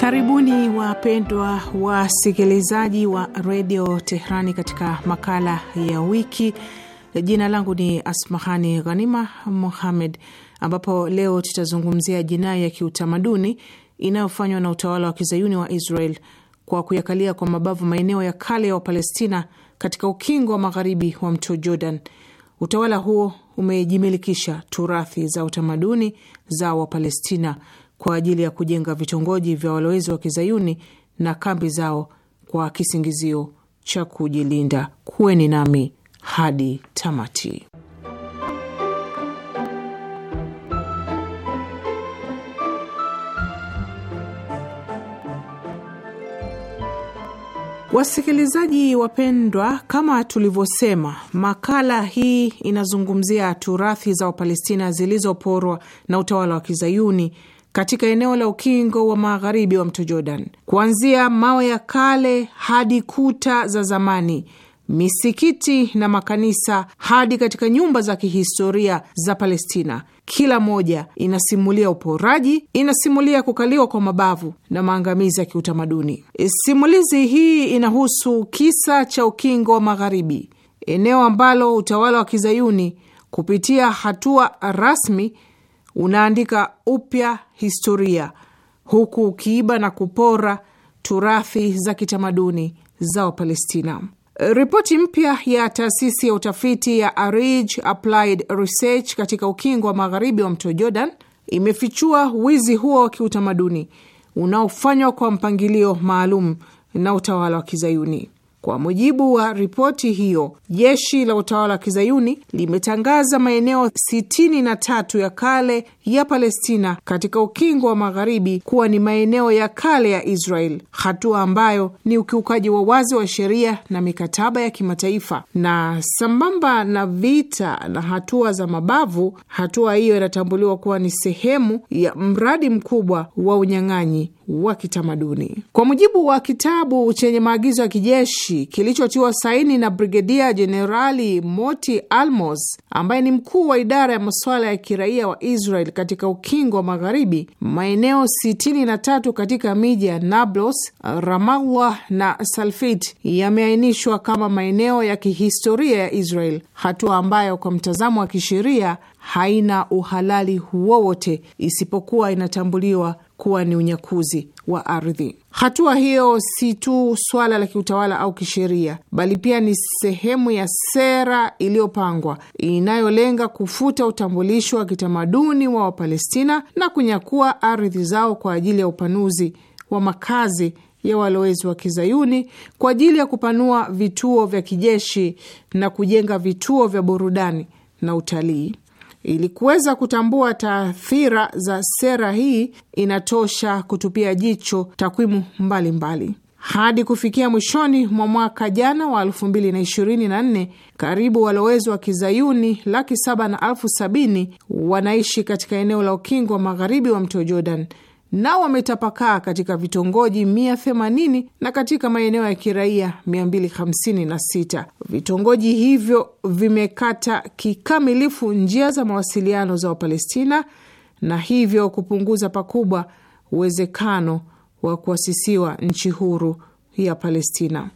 Karibuni wapendwa wasikilizaji wa redio Teherani katika makala ya wiki. Jina langu ni Asmahani Ghanima Mohamed, ambapo leo tutazungumzia jinai ya kiutamaduni inayofanywa na utawala wa kizayuni wa Israel kwa kuyakalia kwa mabavu maeneo ya kale ya Wapalestina katika ukingo wa magharibi wa mto Jordan. Utawala huo umejimilikisha turathi za utamaduni za Wapalestina kwa ajili ya kujenga vitongoji vya walowezi wa kizayuni na kambi zao kwa kisingizio cha kujilinda. Kuweni nami hadi tamati. Wasikilizaji wapendwa, kama tulivyosema, makala hii inazungumzia turathi za Wapalestina zilizoporwa na utawala wa kizayuni katika eneo la ukingo wa magharibi wa mto Jordan, kuanzia mawe ya kale hadi kuta za zamani misikiti na makanisa hadi katika nyumba za kihistoria za Palestina. Kila moja inasimulia uporaji, inasimulia kukaliwa kwa mabavu na maangamizi ya kiutamaduni. Simulizi hii inahusu kisa cha ukingo wa Magharibi, eneo ambalo utawala wa kizayuni kupitia hatua rasmi unaandika upya historia, huku ukiiba na kupora turathi za kitamaduni za Wapalestina. Ripoti mpya ya taasisi ya utafiti ya Arij Applied Research katika ukingo wa magharibi wa mto Jordan imefichua wizi huo wa kiutamaduni unaofanywa kwa mpangilio maalum na utawala wa kizayuni. Kwa mujibu wa ripoti hiyo, jeshi la utawala wa kizayuni limetangaza maeneo 63 ya kale ya Palestina katika ukingo wa magharibi kuwa ni maeneo ya kale ya Israel, hatua ambayo ni ukiukaji wa wazi wa sheria na mikataba ya kimataifa. Na sambamba na vita na hatua za mabavu, hatua hiyo inatambuliwa kuwa ni sehemu ya mradi mkubwa wa unyang'anyi wa kitamaduni. Kwa mujibu wa kitabu chenye maagizo ya kijeshi kilichotiwa saini na Brigedia Jenerali Moti Almos, ambaye ni mkuu wa idara ya masuala ya kiraia wa Israel katika ukingo wa Magharibi, maeneo 63 katika miji ya Nablus, Ramallah na Salfit yameainishwa kama maeneo ya kihistoria ya Israel, hatua ambayo kwa mtazamo wa kisheria haina uhalali wowote isipokuwa inatambuliwa kuwa ni unyakuzi wa ardhi. Hatua hiyo si tu swala la kiutawala au kisheria, bali pia ni sehemu ya sera iliyopangwa inayolenga kufuta utambulisho wa kitamaduni wa Wapalestina na kunyakua ardhi zao kwa ajili ya upanuzi wa makazi ya walowezi wa Kizayuni kwa ajili ya kupanua vituo vya kijeshi na kujenga vituo vya burudani na utalii. Ili kuweza kutambua taathira za sera hii, inatosha kutupia jicho takwimu mbalimbali. Hadi kufikia mwishoni mwa mwaka jana wa 2024 karibu walowezi wa kizayuni laki saba na elfu sabini wanaishi katika eneo la ukingo wa magharibi wa mto Jordan nao wametapakaa katika vitongoji 180 na katika maeneo ya kiraia 256. Vitongoji hivyo vimekata kikamilifu njia za mawasiliano za Wapalestina na hivyo kupunguza pakubwa uwezekano wa kuasisiwa nchi huru ya Palestina.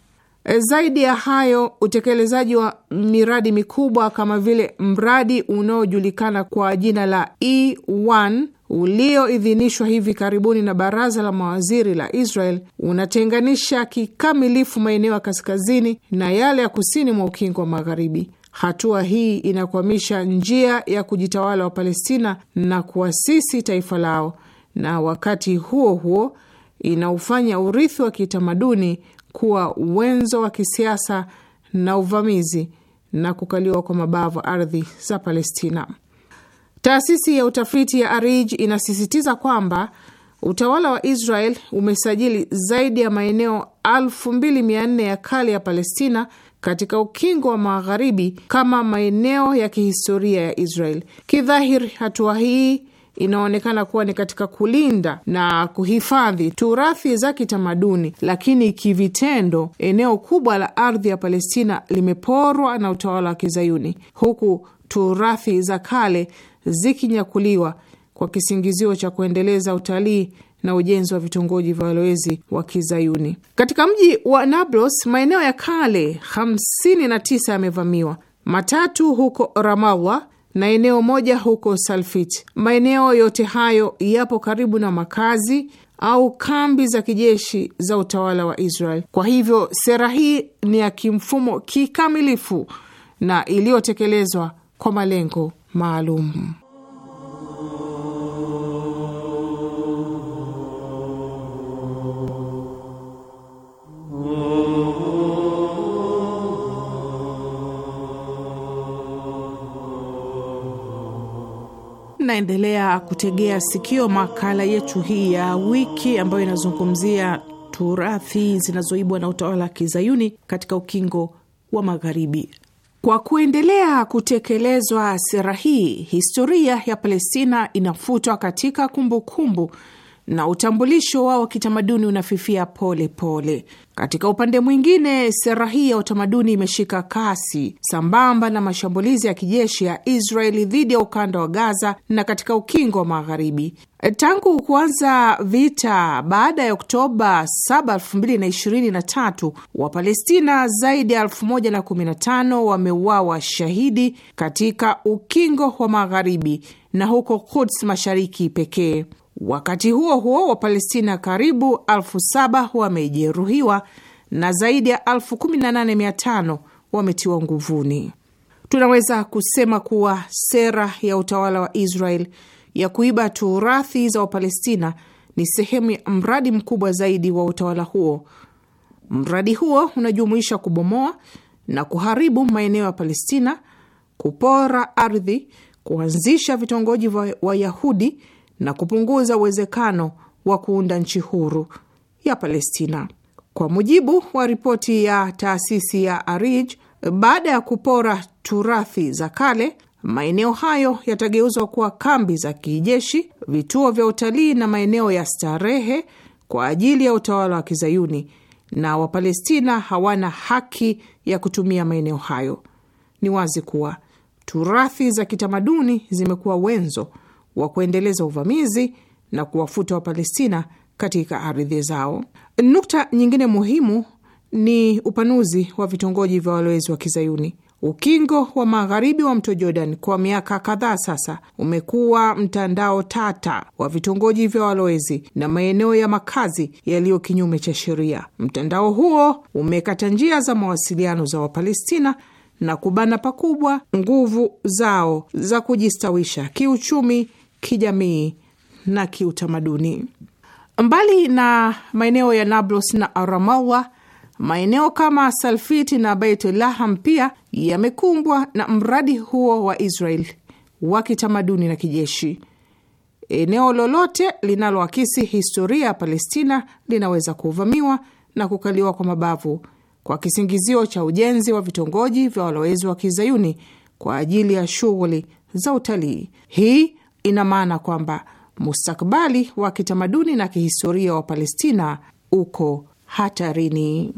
E, zaidi ya hayo, utekelezaji wa miradi mikubwa kama vile mradi unaojulikana kwa jina la E1 ulioidhinishwa hivi karibuni na baraza la mawaziri la Israel unatenganisha kikamilifu maeneo ya kaskazini na yale ya kusini mwa ukingo wa magharibi. Hatua hii inakwamisha njia ya kujitawala wa Palestina na kuasisi taifa lao, na wakati huo huo inaufanya urithi wa kitamaduni kuwa wenzo wa kisiasa na uvamizi na kukaliwa kwa mabavu ardhi za Palestina. Taasisi ya utafiti ya Arij inasisitiza kwamba utawala wa Israel umesajili zaidi ya maeneo 2400 ya kale ya Palestina katika ukingo wa magharibi kama maeneo ya kihistoria ya Israel. Kidhahiri, hatua hii inaonekana kuwa ni katika kulinda na kuhifadhi turathi za kitamaduni, lakini kivitendo, eneo kubwa la ardhi ya Palestina limeporwa na utawala wa Kizayuni, huku turathi za kale zikinyakuliwa kwa kisingizio cha kuendeleza utalii na ujenzi wa vitongoji vya walowezi wa Kizayuni. Katika mji wa Nablus, maeneo ya kale 59 yamevamiwa, matatu huko Ramallah na eneo moja huko Salfit. Maeneo yote hayo yapo karibu na makazi au kambi za kijeshi za utawala wa Israel. Kwa hivyo sera hii ni ya kimfumo kikamilifu na iliyotekelezwa kwa malengo maalum. Naendelea kutegea sikio makala yetu hii ya wiki ambayo inazungumzia turathi zinazoibwa na utawala wa kizayuni katika ukingo wa Magharibi. Kwa kuendelea kutekelezwa sera hii, historia ya Palestina inafutwa katika kumbukumbu kumbu na utambulisho wao wa kitamaduni unafifia pole pole. Katika upande mwingine, sera hii ya utamaduni imeshika kasi sambamba na mashambulizi ya kijeshi ya Israeli dhidi ya ukanda wa Gaza na katika ukingo wa Magharibi. Tangu kuanza vita baada ya Oktoba 7, 2023, Wapalestina zaidi ya 1015 wameuawa shahidi katika ukingo wa Magharibi na huko Quds Mashariki pekee. Wakati huo huo, Wapalestina karibu elfu saba wamejeruhiwa na zaidi ya elfu kumi na nane mia tano wametiwa nguvuni. Tunaweza kusema kuwa sera ya utawala wa Israel ya kuiba turathi za Wapalestina ni sehemu ya mradi mkubwa zaidi wa utawala huo. Mradi huo unajumuisha kubomoa na kuharibu maeneo ya Palestina, kupora ardhi, kuanzisha vitongoji vya Wayahudi na kupunguza uwezekano wa kuunda nchi huru ya Palestina. Kwa mujibu wa ripoti ya taasisi ya Arij, baada ya kupora turathi za kale, maeneo hayo yatageuzwa kuwa kambi za kijeshi, vituo vya utalii na maeneo ya starehe kwa ajili ya utawala wa Kizayuni, na Wapalestina hawana haki ya kutumia maeneo hayo. Ni wazi kuwa turathi za kitamaduni zimekuwa wenzo wa kuendeleza uvamizi na kuwafuta Wapalestina katika ardhi zao. Nukta nyingine muhimu ni upanuzi wa vitongoji vya walowezi wa Kizayuni. Ukingo wa magharibi wa mto Jordan kwa miaka kadhaa sasa umekuwa mtandao tata wa vitongoji vya walowezi na maeneo ya makazi yaliyo kinyume cha sheria. Mtandao huo umekata njia za mawasiliano za Wapalestina na kubana pakubwa nguvu zao za kujistawisha kiuchumi kijamii na kiutamaduni. Mbali na maeneo ya Nablus na Ramallah, maeneo kama Salfiti na Baitulaham pia yamekumbwa na mradi huo wa Israel wa kitamaduni na kijeshi. Eneo lolote linaloakisi historia ya Palestina linaweza kuvamiwa na kukaliwa kwa mabavu kwa kisingizio cha ujenzi wa vitongoji vya walowezi wa kizayuni kwa ajili ya shughuli za utalii. Hii ina maana kwamba mustakbali wa kitamaduni na kihistoria wa Palestina uko hatarini.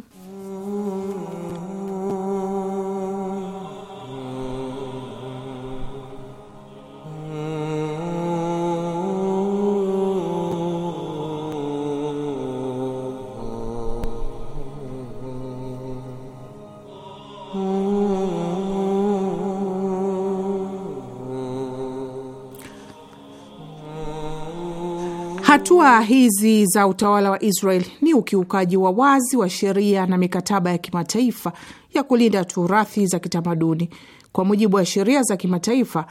Hatua hizi za utawala wa Israel ni ukiukaji wa wazi wa sheria na mikataba ya kimataifa ya kulinda turathi za kitamaduni. Kwa mujibu wa sheria za kimataifa,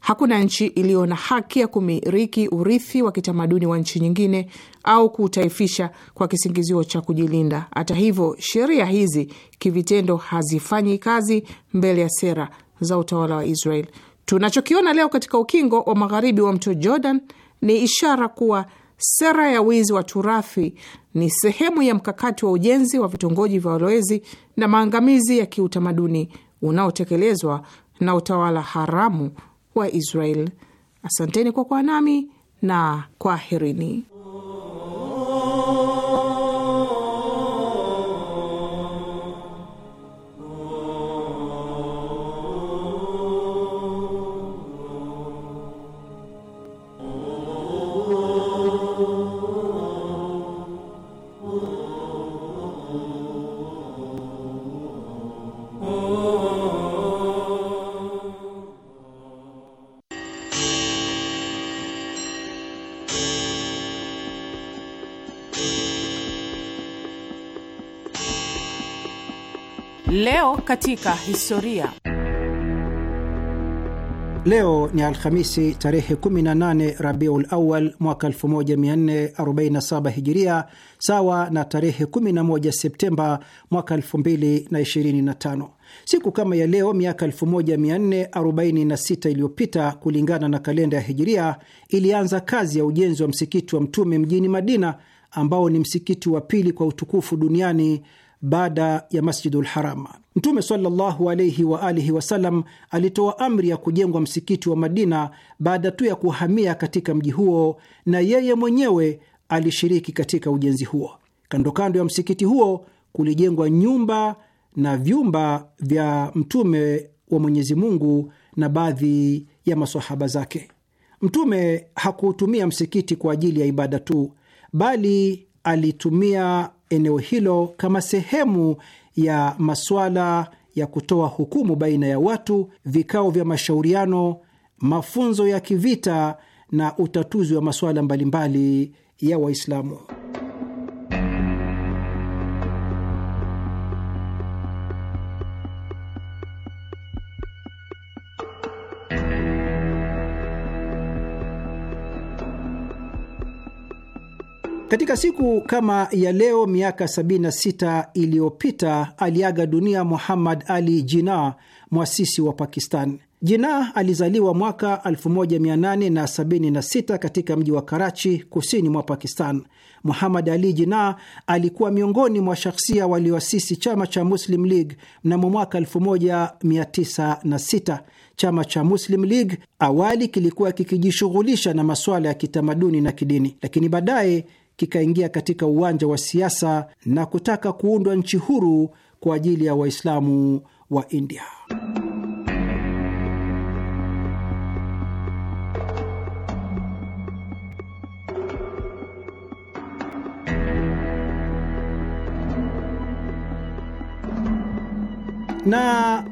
hakuna nchi iliyo na haki ya kumiliki urithi wa kitamaduni wa nchi nyingine au kuutaifisha kwa kisingizio cha kujilinda. Hata hivyo, sheria hizi kivitendo hazifanyi kazi mbele ya sera za utawala wa Israel. Tunachokiona leo katika ukingo wa magharibi wa mto Jordan ni ishara kuwa Sera ya wizi wa turathi ni sehemu ya mkakati wa ujenzi wa vitongoji vya walowezi na maangamizi ya kiutamaduni unaotekelezwa na utawala haramu wa Israel. Asanteni kwa kuwa nami na kwaherini. katika historia. Leo ni Alhamisi tarehe 18 Rabiul Awal mwaka 1447 Hijiria, sawa na tarehe 11 Septemba mwaka 2025. Siku kama ya leo miaka 1446 iliyopita kulingana na kalenda ya Hijiria, ilianza kazi ya ujenzi wa msikiti wa Mtume mjini Madina, ambao ni msikiti wa pili kwa utukufu duniani baada ya Masjidul Haram. Mtume sallallahu wa alihi wasallam alitoa amri ya kujengwa msikiti wa Madina baada tu ya kuhamia katika mji huo, na yeye mwenyewe alishiriki katika ujenzi huo. Kando kando ya msikiti huo kulijengwa nyumba na vyumba vya Mtume wa Mwenyezi Mungu na baadhi ya masahaba zake. Mtume hakuutumia msikiti kwa ajili ya ibada tu, bali alitumia eneo hilo kama sehemu ya masuala ya kutoa hukumu baina ya watu, vikao vya mashauriano, mafunzo ya kivita na utatuzi wa masuala mbalimbali ya Waislamu. Katika siku kama ya leo miaka 76 iliyopita aliaga dunia Muhammad Ali Jinnah, mwasisi wa Pakistan. Jinnah alizaliwa mwaka 1876 katika mji wa Karachi, kusini mwa Pakistan. Muhammad Ali Jinnah alikuwa miongoni mwa shakhsia walioasisi chama cha Muslim League mnamo mwaka 1906. Chama cha Muslim League awali kilikuwa kikijishughulisha na masuala ya kitamaduni na kidini, lakini baadaye kikaingia katika uwanja wa siasa na kutaka kuundwa nchi huru kwa ajili ya Waislamu wa India. Na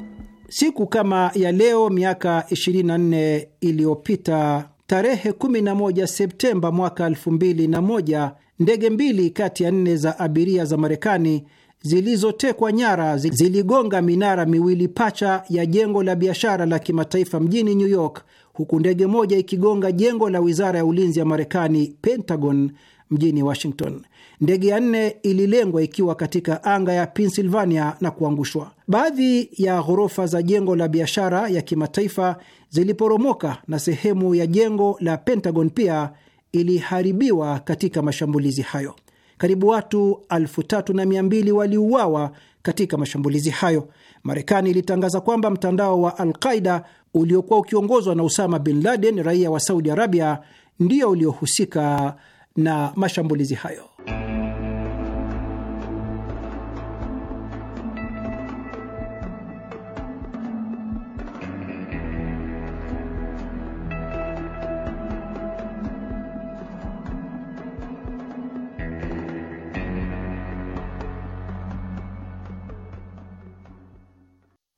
siku kama ya leo miaka 24 iliyopita Tarehe 11 Septemba mwaka 2001 ndege mbili kati ya nne za abiria za Marekani zilizotekwa nyara ziligonga minara miwili pacha ya jengo la biashara la kimataifa mjini New York, huku ndege moja ikigonga jengo la wizara ya ulinzi ya Marekani, Pentagon, mjini Washington. Ndege ya nne ililengwa ikiwa katika anga ya Pennsylvania na kuangushwa. Baadhi ya ghorofa za jengo la biashara ya kimataifa ziliporomoka na sehemu ya jengo la Pentagon pia iliharibiwa katika mashambulizi hayo. Karibu watu elfu tatu na mia mbili waliuawa katika mashambulizi hayo. Marekani ilitangaza kwamba mtandao wa Alqaida uliokuwa ukiongozwa na Usama bin Laden, raia wa Saudi Arabia, ndio uliohusika na mashambulizi hayo.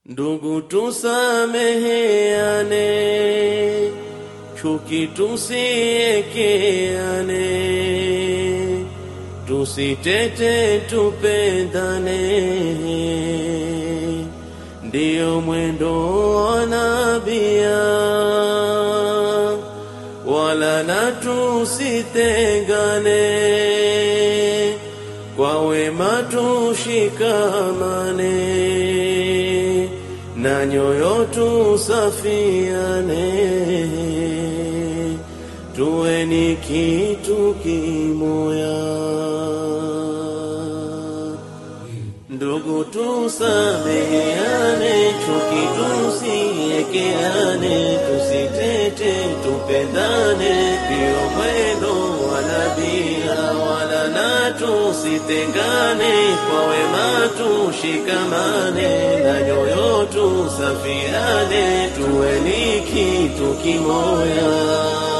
Ndugu, tusameheane chuki tusiekeane, tusitete, tupendane, ndiyo mwendo wa nabia, wala na tusitengane, kwa wema tushikamane, na nyoyo tusafiane tuwe ni kitu kimoya, ndugu, tusameheane chuki, tusiekeane, tusitete, tupendane, pio mwendo wala bia wala na, tusitengane, kwa wema tushikamane, na nyoyo tusafiane, tuwe ni kitu kimoya.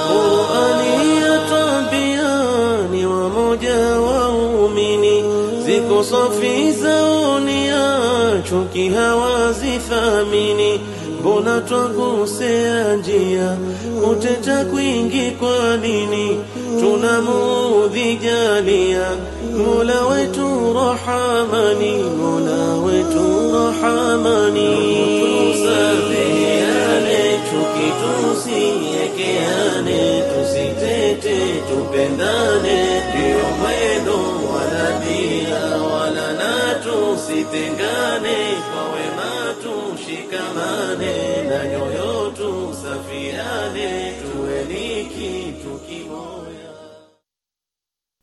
Qur'ani ya tabiani wa wa umini ziko safi za unia chuki hawazithamini mbona twakosea njia kuteta kwingi kwa nini tunamudhijalia mola wetu rahamani mola wetu rahamani tusifiane, tusitete, tupendane, ndio mwendo wa dunia, Wala na tusitengane, kwa wema tushikamane, na nyoyo tusafiane, tuwe ni kitu kimoja.